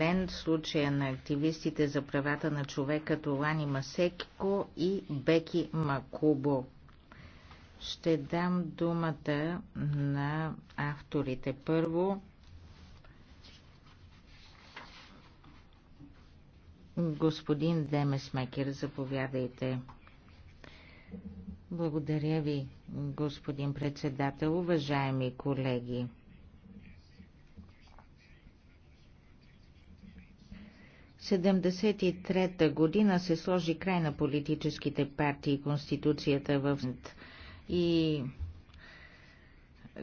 Лен, случая на активистите за правата на човека Толани Масекко и Беки Макубо. Ще дам думата на авторите. Първо, господин Демесмекер, заповядайте. Благодаря ви, господин председател, уважаеми колеги. 1973 година се сложи край на политическите партии и конституцията в и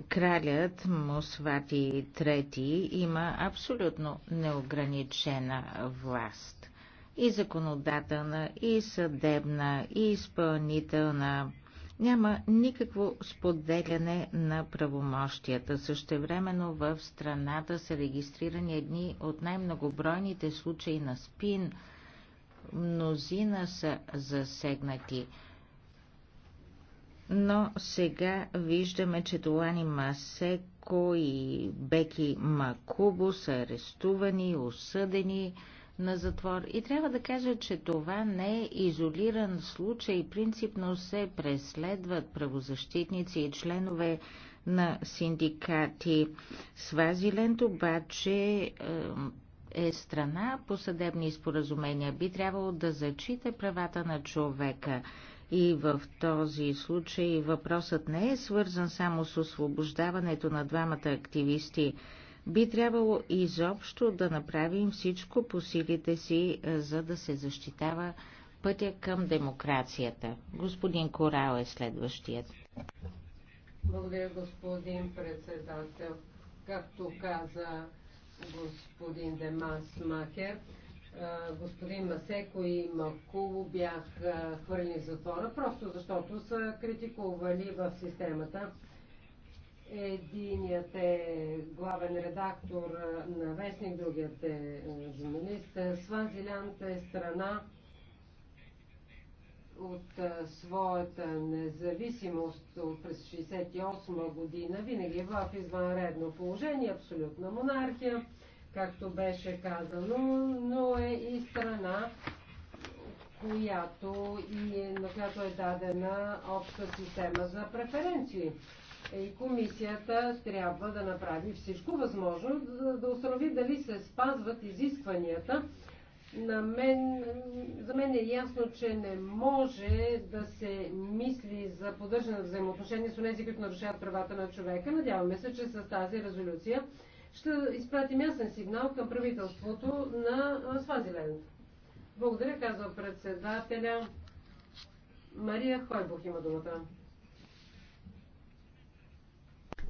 кралят Мосвати III има абсолютно неограничена власт. И законодателна, и съдебна, и изпълнителна. Няма никакво споделяне на правомощията. Същевременно в страната са регистрирани едни от най-многобройните случаи на спин. Мнозина са засегнати. Но сега виждаме, че Долани Масеко и Беки Макубо са арестувани, осъдени на затвор. И трябва да кажа, че това не е изолиран случай. Принципно се преследват правозащитници и членове на синдикати. Свазиленд обаче е, е страна по съдебни споразумения. Би трябвало да зачита правата на човека. И в този случай въпросът не е свързан само с освобождаването на двамата активисти би трябвало изобщо да направим всичко по силите си, е, за да се защитава пътя към демокрацията. Господин Корал е следващият. Благодаря, господин председател. Както каза господин Демас Макер, е, господин Масеко и Макуло бяха хвърлени в затвора, просто защото са критикували в системата. Единият е главен редактор на Вестник, другият е журналист. Свазилянд е страна от своята независимост през 1968 година. Винаги е в извънредно положение, абсолютна монархия, както беше казано, но е и страна, която и, е, на която е дадена обща система за преференции. И комисията трябва да направи всичко възможно, да, да установи дали се спазват изискванията. На мен, за мен е ясно, че не може да се мисли за поддържане на взаимоотношения с тези, които нарушават правата на човека. Надяваме се, че с тази резолюция ще изпратим ясен сигнал към правителството на Свазиленд. Благодаря, казва председателя. Мария Хойбух има думата.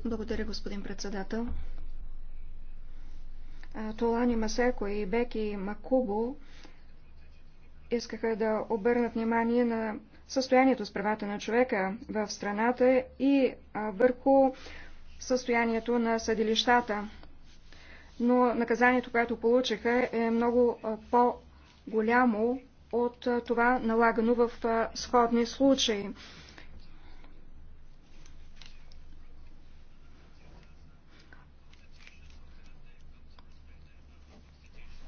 Благодаря, господин председател. Толани Масеко и Беки Макубо искаха да обърнат внимание на състоянието с правата на човека в страната и върху състоянието на съдилищата. Но наказанието, което получиха, е много по голямо от това налагано в сходни случаи.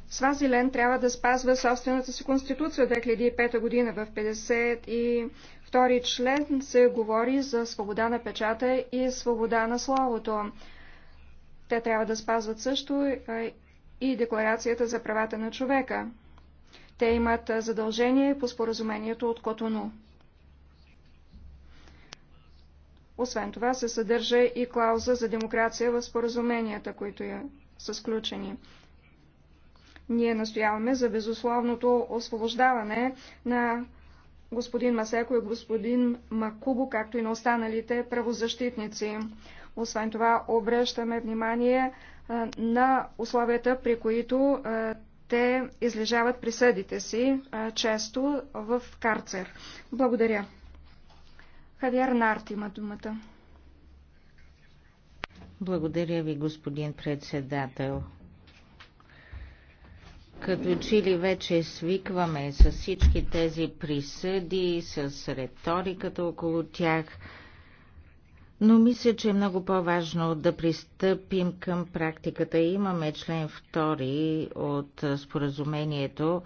Свазилен трябва да спазва собствената си конституция 2005 година. В 52 член се говори за свобода на печата и свобода на словото. Те трябва да спазват също и Декларацията за правата на човека. Те имат задължение по споразумението от Котону. Освен това се съдържа и клауза за демокрация в споразуменията, които я са сключени. Ние настояваме за безусловното освобождаване на господин Масеко и господин Макубо, както и на останалите правозащитници. Освен това, обръщаме внимание на условията, при които те излежават присъдите си често в карцер. Благодаря. Хавиар Нарт има думата. Благодаря ви, господин председател. Като че ли вече свикваме с всички тези присъди, с риториката около тях – но мисля, че е много по-важно да пристъпим към практиката. Имаме член 2 от споразумението,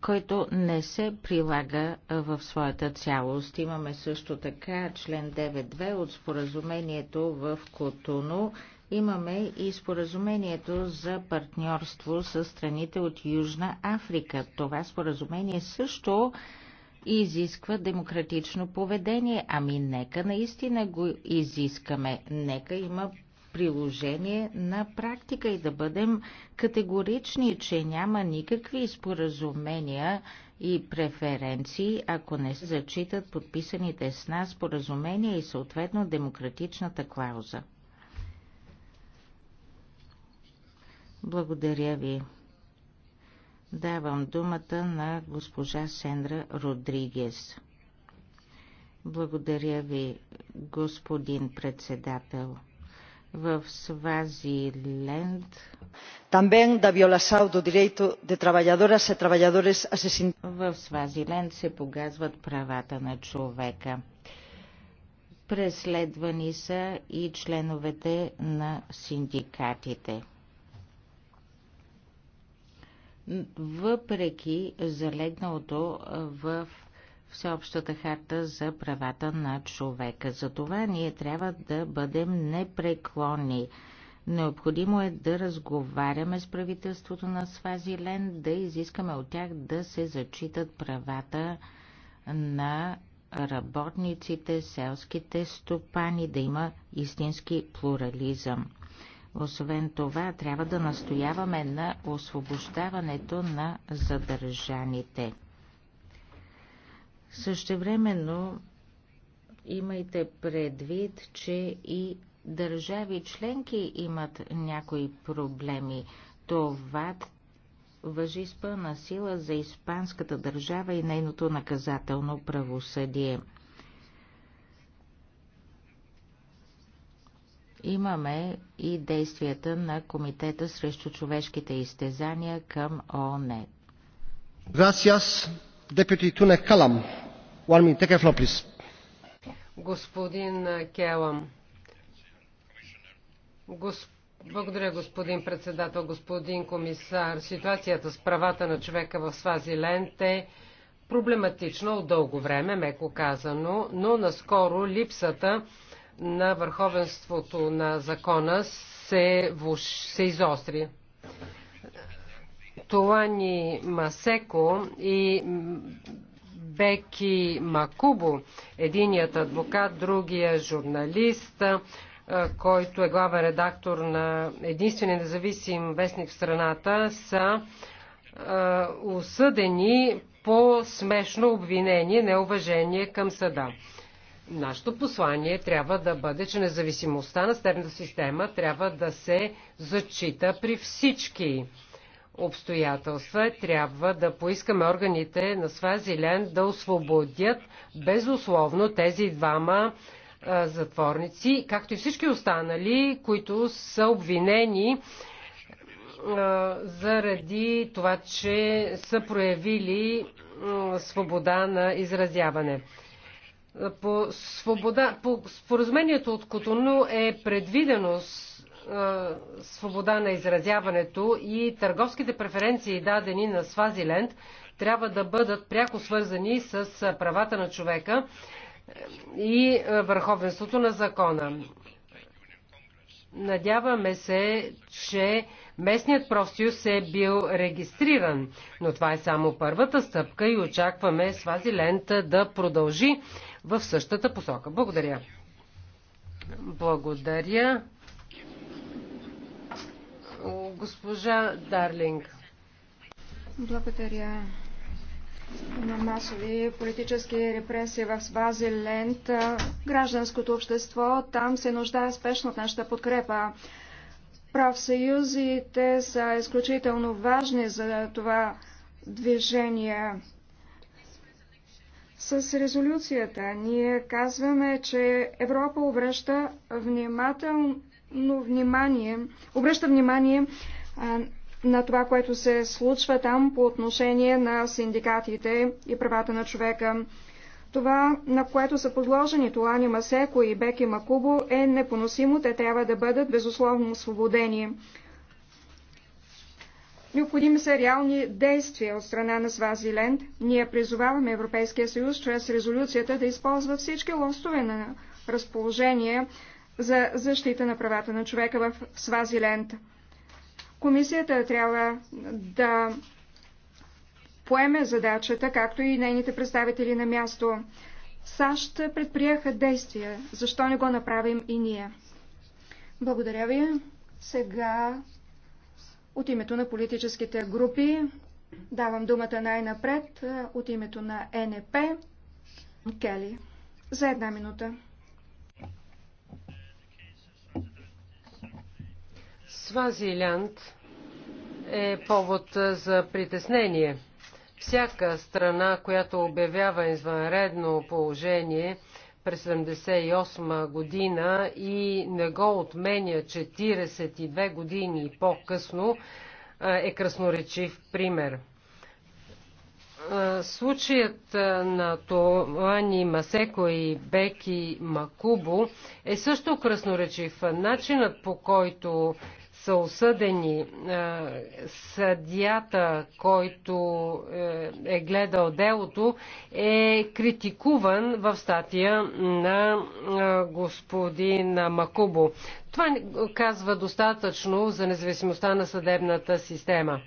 който не се прилага в своята цялост. Имаме също така член 9.2 от споразумението в Котуно. Имаме и споразумението за партньорство с страните от Южна Африка. Това споразумение също изисква демократично поведение. Ами нека наистина го изискаме. Нека има приложение на практика и да бъдем категорични, че няма никакви споразумения и преференции, ако не се зачитат подписаните с нас споразумения и съответно демократичната клауза. Благодаря ви. Давам думата на госпожа Сендра Родригес. Благодаря ви, господин председател. В Свазиленд Tamén da violação do direito de trabalhadoras e trabalhadores асесин... В Свазиленд се погазват правата на човека. Преследвани са и членовете на синдикатите въпреки залегналото в Всеобщата харта за правата на човека. За това ние трябва да бъдем непреклонни. Необходимо е да разговаряме с правителството на Свазилен, да изискаме от тях да се зачитат правата на работниците, селските стопани, да има истински плурализъм. Освен това, трябва да настояваме на освобождаването на задържаните. Същевременно имайте предвид, че и държави членки имат някои проблеми. Това въжи с пълна сила за испанската държава и нейното наказателно правосъдие. Имаме и действията на Комитета срещу човешките изтезания към ООН. Gracias, deputy Туне Калам. One minute, take a floor, please. Господин Келам. Госп... Благодаря, господин председател, господин комисар. Ситуацията с правата на човека в Свазиленд е проблематична от дълго време, меко казано, но наскоро липсата на върховенството на закона се, се изостри. Туани Масеко и Беки Макубо, единият адвокат, другия журналист, който е главен редактор на единствения независим вестник в страната, са осъдени по смешно обвинение неуважение към съда. Нашето послание трябва да бъде, че независимостта на съдебната система трябва да се зачита при всички обстоятелства. Трябва да поискаме органите на Свазилен да освободят безусловно тези двама затворници, както и всички останали, които са обвинени заради това, че са проявили свобода на изразяване. По, свобода, по споразумението от Котону е предвидено с, свобода на изразяването и търговските преференции, дадени на Свазиленд, трябва да бъдат пряко свързани с правата на човека е, и върховенството на закона. Надяваме се, че местният профсъюз е бил регистриран, но това е само първата стъпка и очакваме Свазиленд да продължи в същата посока. Благодаря. Благодаря. Госпожа Дарлинг. Благодаря. На масови политически репресии в Свазиленд, гражданското общество там се нуждае спешно от нашата подкрепа. Правсъюзите са изключително важни за това движение. С резолюцията ние казваме, че Европа обръща внимателно внимание, обръща внимание а, на това, което се случва там по отношение на синдикатите и правата на човека. Това, на което са подложени Тулани Масеко и Беки Макубо, е непоносимо. Те трябва да бъдат безусловно освободени. Необходими са реални действия от страна на Свазиленд. Ние призоваваме Европейския съюз чрез резолюцията да използва всички лостове на разположение за защита на правата на човека в Свазиленд. Комисията трябва да поеме задачата, както и нейните представители на място. САЩ предприеха действия. Защо не го направим и ние? Благодаря ви. Сега от името на политическите групи давам думата най-напред от името на НП Кели. За една минута. Свазилянд е повод за притеснение. Всяка страна, която обявява извънредно положение, през 1978 година и не го отменя 42 години по-късно, е, е красноречив пример. Е, случаят е, на Туани Масеко и Беки Макубо е също красноречив. Начинът по който са осъдени. Е, съдията, който е, е гледал делото, е критикуван в статия на е, господин Макубо. Това казва достатъчно за независимостта на съдебната система.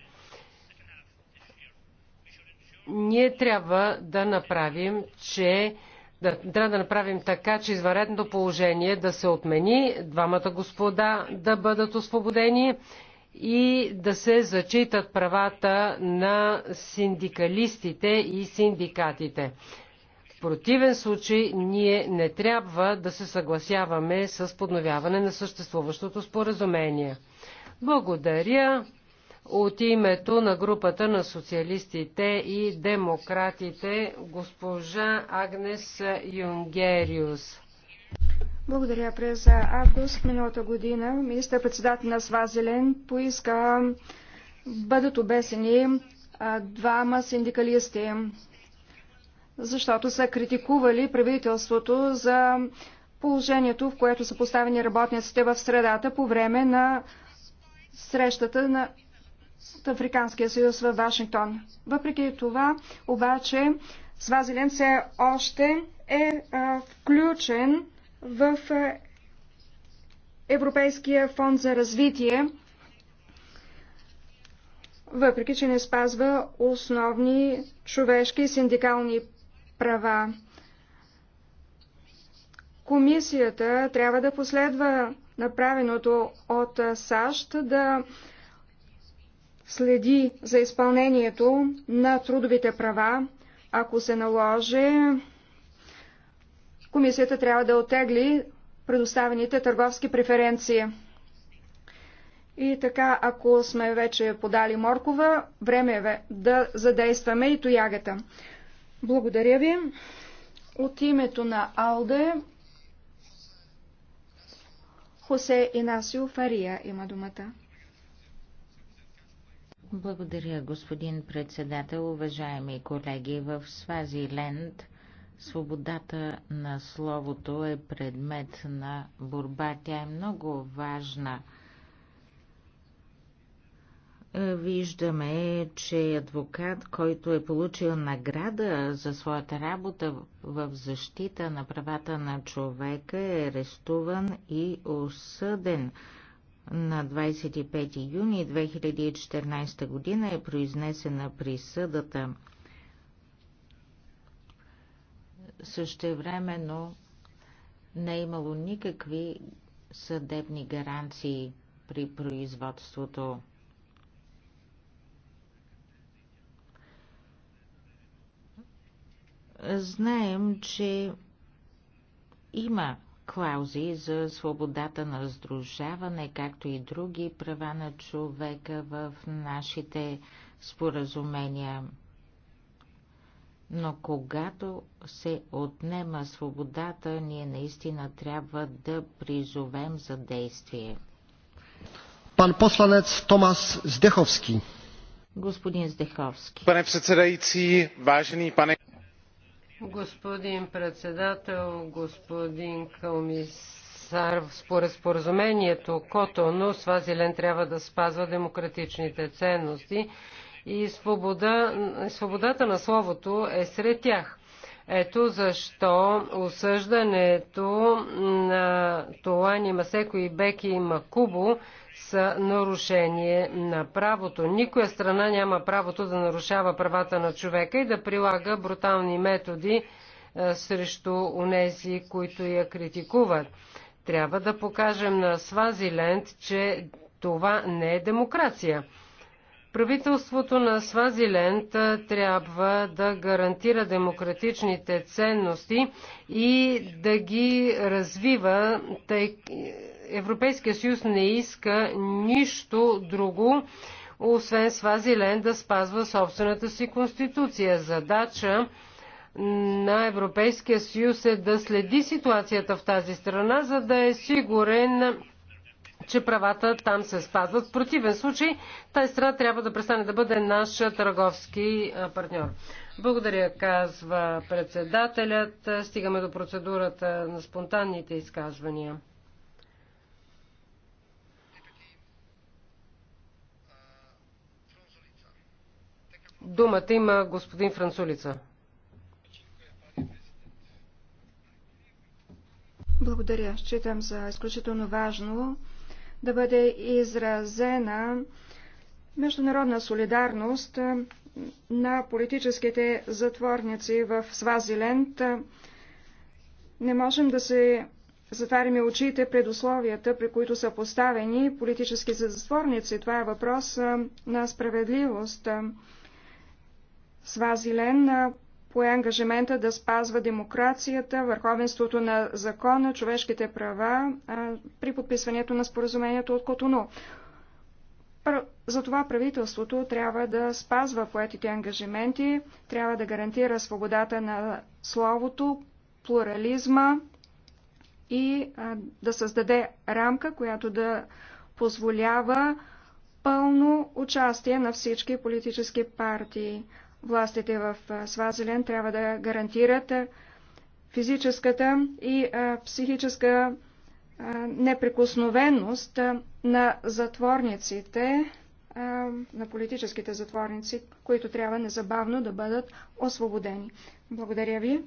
Ние трябва да направим, че да, трябва да направим така, че извънредното положение да се отмени, двамата господа да бъдат освободени и да се зачитат правата на синдикалистите и синдикатите. В противен случай ние не трябва да се съгласяваме с подновяване на съществуващото споразумение. Благодаря. От името на групата на социалистите и демократите, госпожа Агнес Юнгериус. Благодаря. През август миналата година министър-председател на Свазелен поиска бъдат обесени двама синдикалисти, защото са критикували правителството за положението, в което са поставени работниците в средата по време на срещата на от Африканския съюз в Вашингтон. Въпреки това, обаче, Свазилен все още е а, включен в а, Европейския фонд за развитие, въпреки че не спазва основни човешки и синдикални права. Комисията трябва да последва направеното от САЩ да следи за изпълнението на трудовите права. Ако се наложи, комисията трябва да отегли предоставените търговски преференции. И така, ако сме вече подали моркова, време е да задействаме и тоягата. Благодаря ви. От името на Алде, Хосе Инасио Фария има думата. Благодаря, господин председател, уважаеми колеги. В Свазиленд свободата на словото е предмет на борба. Тя е много важна. Виждаме, че адвокат, който е получил награда за своята работа в защита на правата на човека, е арестуван и осъден на 25 юни 2014 година е произнесена присъдата. Същевременно не е имало никакви съдебни гаранции при производството. Знаем, че има клаузи за свободата на сдружаване, както и други права на човека в нашите споразумения. Но когато се отнема свободата, ние наистина трябва да призовем за действие. Пан посланец Томас Здеховски. Господин Здеховски. Пане председající, vážený пане... Господин председател, господин комисар, според споразумението Котоно, Свазилен трябва да спазва демократичните ценности и свобода, свободата на словото е сред тях. Ето защо осъждането на Толани Масеко и Беки и Макубо са нарушение на правото. Никоя страна няма правото да нарушава правата на човека и да прилага брутални методи е, срещу унези, които я критикуват. Трябва да покажем на Свазиленд, че това не е демокрация. Правителството на Свазиленд трябва да гарантира демократичните ценности и да ги развива, тъй Европейския съюз не иска нищо друго, освен Свазиленд да спазва собствената си конституция. Задача на Европейския съюз е да следи ситуацията в тази страна, за да е сигурен че правата там се спазват. В противен случай тази страна трябва да престане да бъде наш търговски партньор. Благодаря, казва председателят. Стигаме до процедурата на спонтанните изказвания. Думата има господин Францулица. Благодаря. Считам за изключително важно да бъде изразена международна солидарност на политическите затворници в Свазиленд. Не можем да се затваряме очите пред условията, при които са поставени политически затворници. Това е въпрос на справедливост. Свазилен пое ангажимента да спазва демокрацията, върховенството на закона, човешките права при подписването на споразумението от Котону. Затова правителството трябва да спазва поетите ангажименти, трябва да гарантира свободата на словото, плурализма и да създаде рамка, която да позволява пълно участие на всички политически партии. Властите в Свазелен трябва да гарантират физическата и психическа неприкосновеност на затворниците, на политическите затворници, които трябва незабавно да бъдат освободени. Благодаря ви.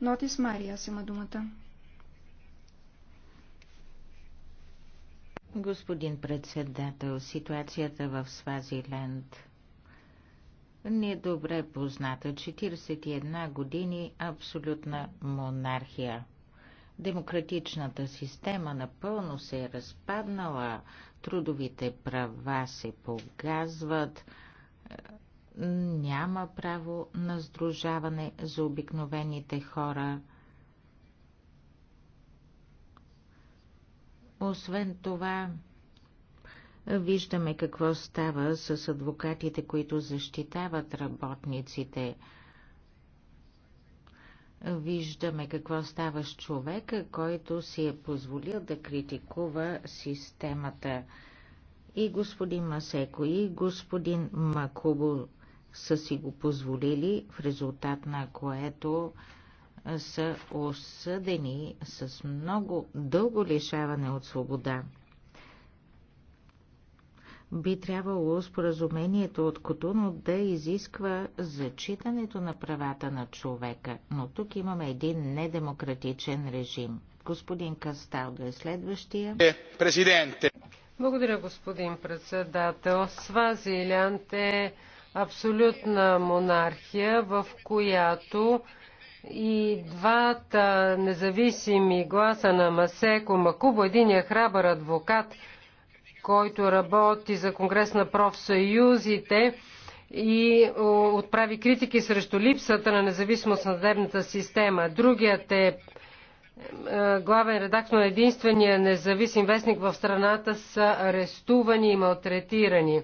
Нотис Мария си има думата. Господин председател, ситуацията в Свазиленд недобре е добре позната. 41 години абсолютна монархия. Демократичната система напълно се е разпаднала, трудовите права се погазват, няма право на сдружаване за обикновените хора. Освен това, Виждаме какво става с адвокатите, които защитават работниците. Виждаме какво става с човека, който си е позволил да критикува системата. И господин Масеко, и господин Макубо са си го позволили, в резултат на което са осъдени с много дълго лишаване от свобода. Би трябвало споразумението от Котуно да изисква зачитането на правата на човека, но тук имаме един недемократичен режим. Господин Касталдо е следващия. Е, президенте. Благодаря, господин председател. Свазилянд е абсолютна монархия, в която и двата независими гласа на Масеко Макубо, единия е храбър адвокат, който работи за Конгрес на профсъюзите и отправи критики срещу липсата на независимост на съдебната система. Другият е, е главен редактор на единствения независим вестник в страната са арестувани и малтретирани.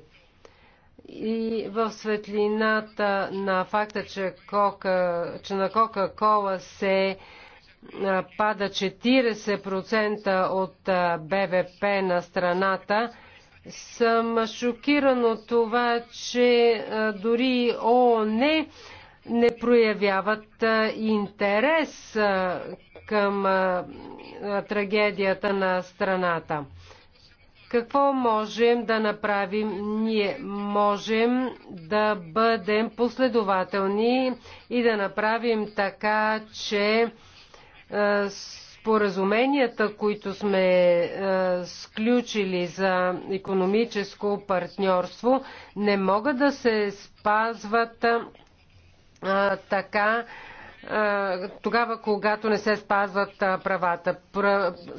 И в светлината на факта, че, кока, че на Кока-Кола се пада 40% от БВП на страната, съм шокиран от това, че дори ООН не проявяват интерес към трагедията на страната. Какво можем да направим? Ние можем да бъдем последователни и да направим така, че е, споразуменията, които сме е, сключили за економическо партньорство, не могат да се спазват е, така, тогава, когато не се спазват правата.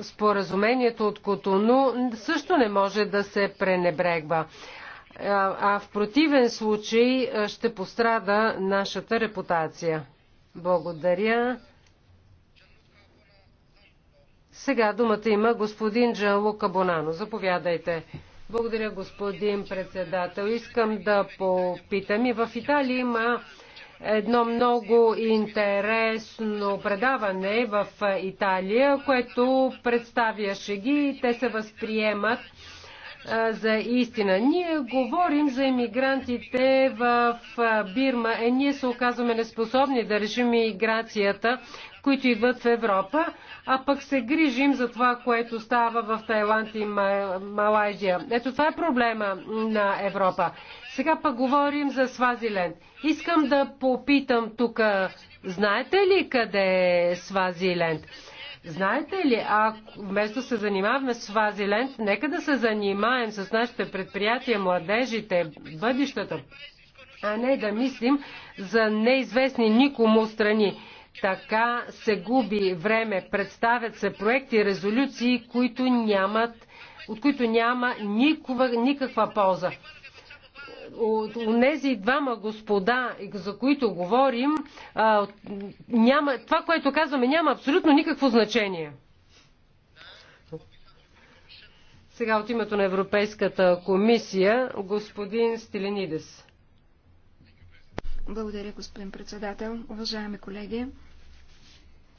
Споразумението от Котону също не може да се пренебрегва. А в противен случай ще пострада нашата репутация. Благодаря. Сега думата има господин Джанлука Бонано. Заповядайте. Благодаря, господин председател. Искам да попитам и в Италия има едно много интересно предаване в Италия, което представяше ги и те се възприемат за истина. Ние говорим за иммигрантите в Бирма, е ние се оказваме неспособни да решим миграцията, които идват в Европа, а пък се грижим за това, което става в Тайланд и Малайзия. Ето това е проблема на Европа. Сега пък говорим за Свазиленд. Искам да попитам тук, знаете ли къде е Свазиленд? Знаете ли, а вместо се занимаваме с Фазиленд, нека да се занимаем с нашите предприятия, младежите, бъдещето, а не да мислим за неизвестни никому страни. Така се губи време, представят се проекти, резолюции, които нямат, от които няма никаква, никаква полза от тези двама господа, за които говорим, няма, това, което казваме, няма абсолютно никакво значение. Сега от името на Европейската комисия, господин Стеленидес. Благодаря, господин председател. Уважаеми колеги,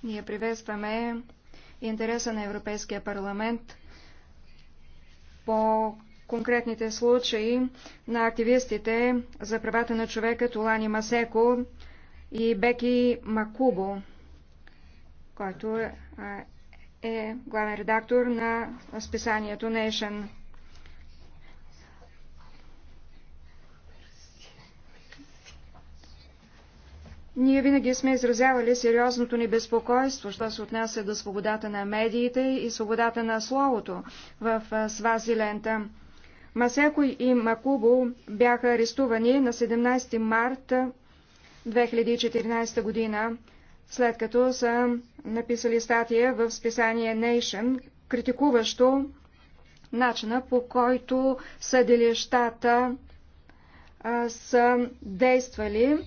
ние приветстваме интереса на Европейския парламент по конкретните случаи на активистите за правата на човека Тулани Масеко и Беки Макубо, който е, е главен редактор на списанието Nation. Ние винаги сме изразявали сериозното ни безпокойство, що се отнася до свободата на медиите и свободата на словото в свази лента. Масеко и Макубо бяха арестувани на 17 март 2014 година, след като са написали статия в списание Nation, критикуващо начина по който съдилищата са действали.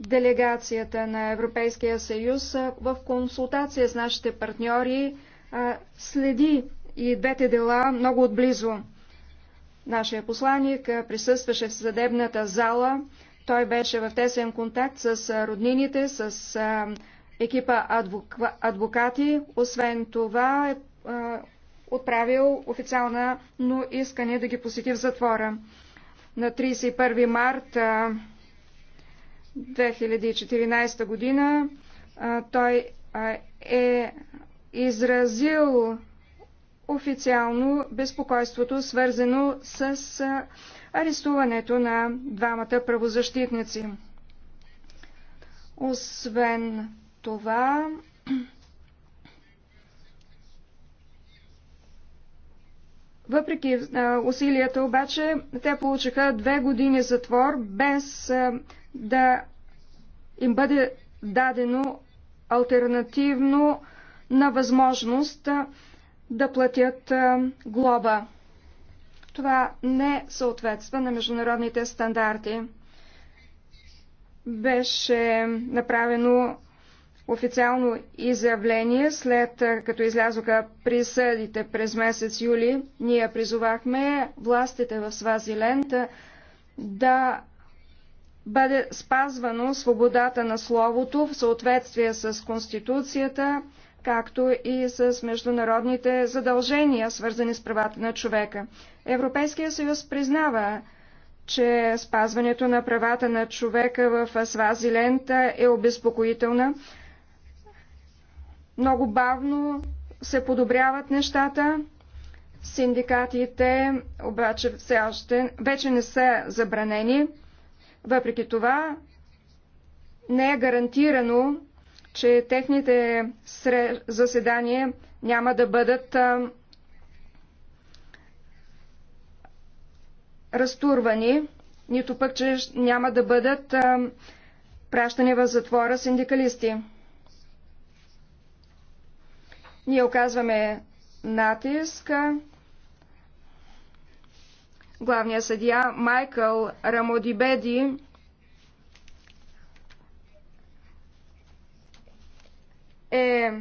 Делегацията на Европейския съюз в консултация с нашите партньори следи и двете дела много отблизо. Нашия посланник присъстваше в съдебната зала. Той беше в тесен контакт с роднините, с екипа адвокати. Освен това е отправил официално искане да ги посети в затвора. На 31 март 2014 година той е изразил официално безпокойството, свързано с арестуването на двамата правозащитници. Освен това, въпреки усилията обаче, те получиха две години затвор, без да им бъде дадено альтернативно на възможност да платят глоба. Това не съответства на международните стандарти. Беше направено официално изявление, след като излязоха присъдите през месец юли, ние призовахме властите в Свазиленд да бъде спазвано свободата на словото в съответствие с Конституцията, както и с международните задължения, свързани с правата на човека. Европейския съюз признава, че спазването на правата на човека в Свазиленд е обезпокоителна. Много бавно се подобряват нещата. Синдикатите обаче все още вече не са забранени. Въпреки това не е гарантирано че техните заседания няма да бъдат разтурвани, нито пък, че няма да бъдат пращани в затвора синдикалисти. Ние оказваме натиска. Главният съдия Майкъл Рамодибеди е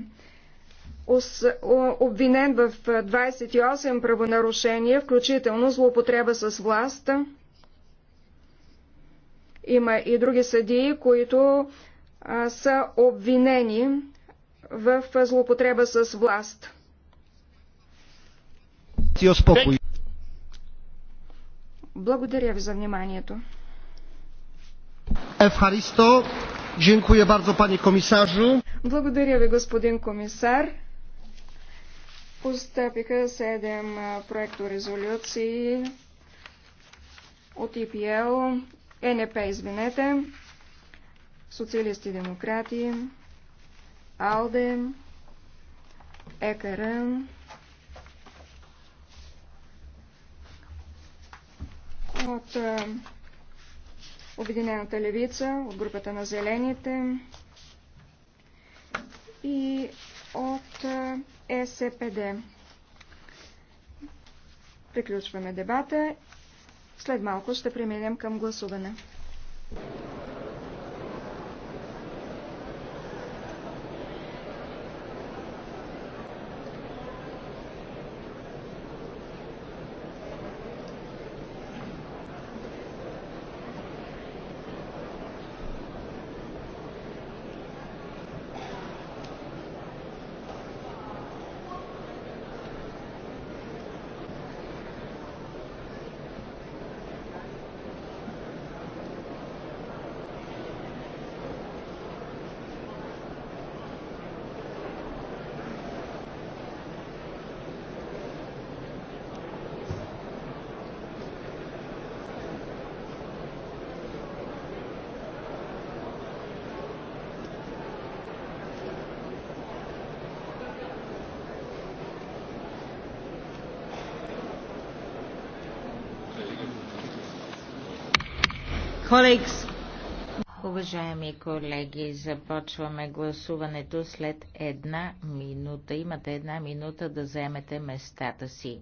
обвинен в 28 правонарушения, включително злоупотреба с власт. Има и други съдии, които са обвинени в злоупотреба с власт. Благодаря ви за вниманието. Евхаристо Dziękuję bardzo, panie komisarzu. Благодаря ви, господин комисар. Постъпиха 7 резолюции. от ИПЛ, е НП, извинете, социалисти демократи, АЛДЕ, ЕКРН, от Обединената левица, от групата на зелените и от ЕСПД. Приключваме дебата. След малко ще преминем към гласуване. Colleagues. Уважаеми колеги, започваме гласуването след една минута. Имате една минута да вземете местата си.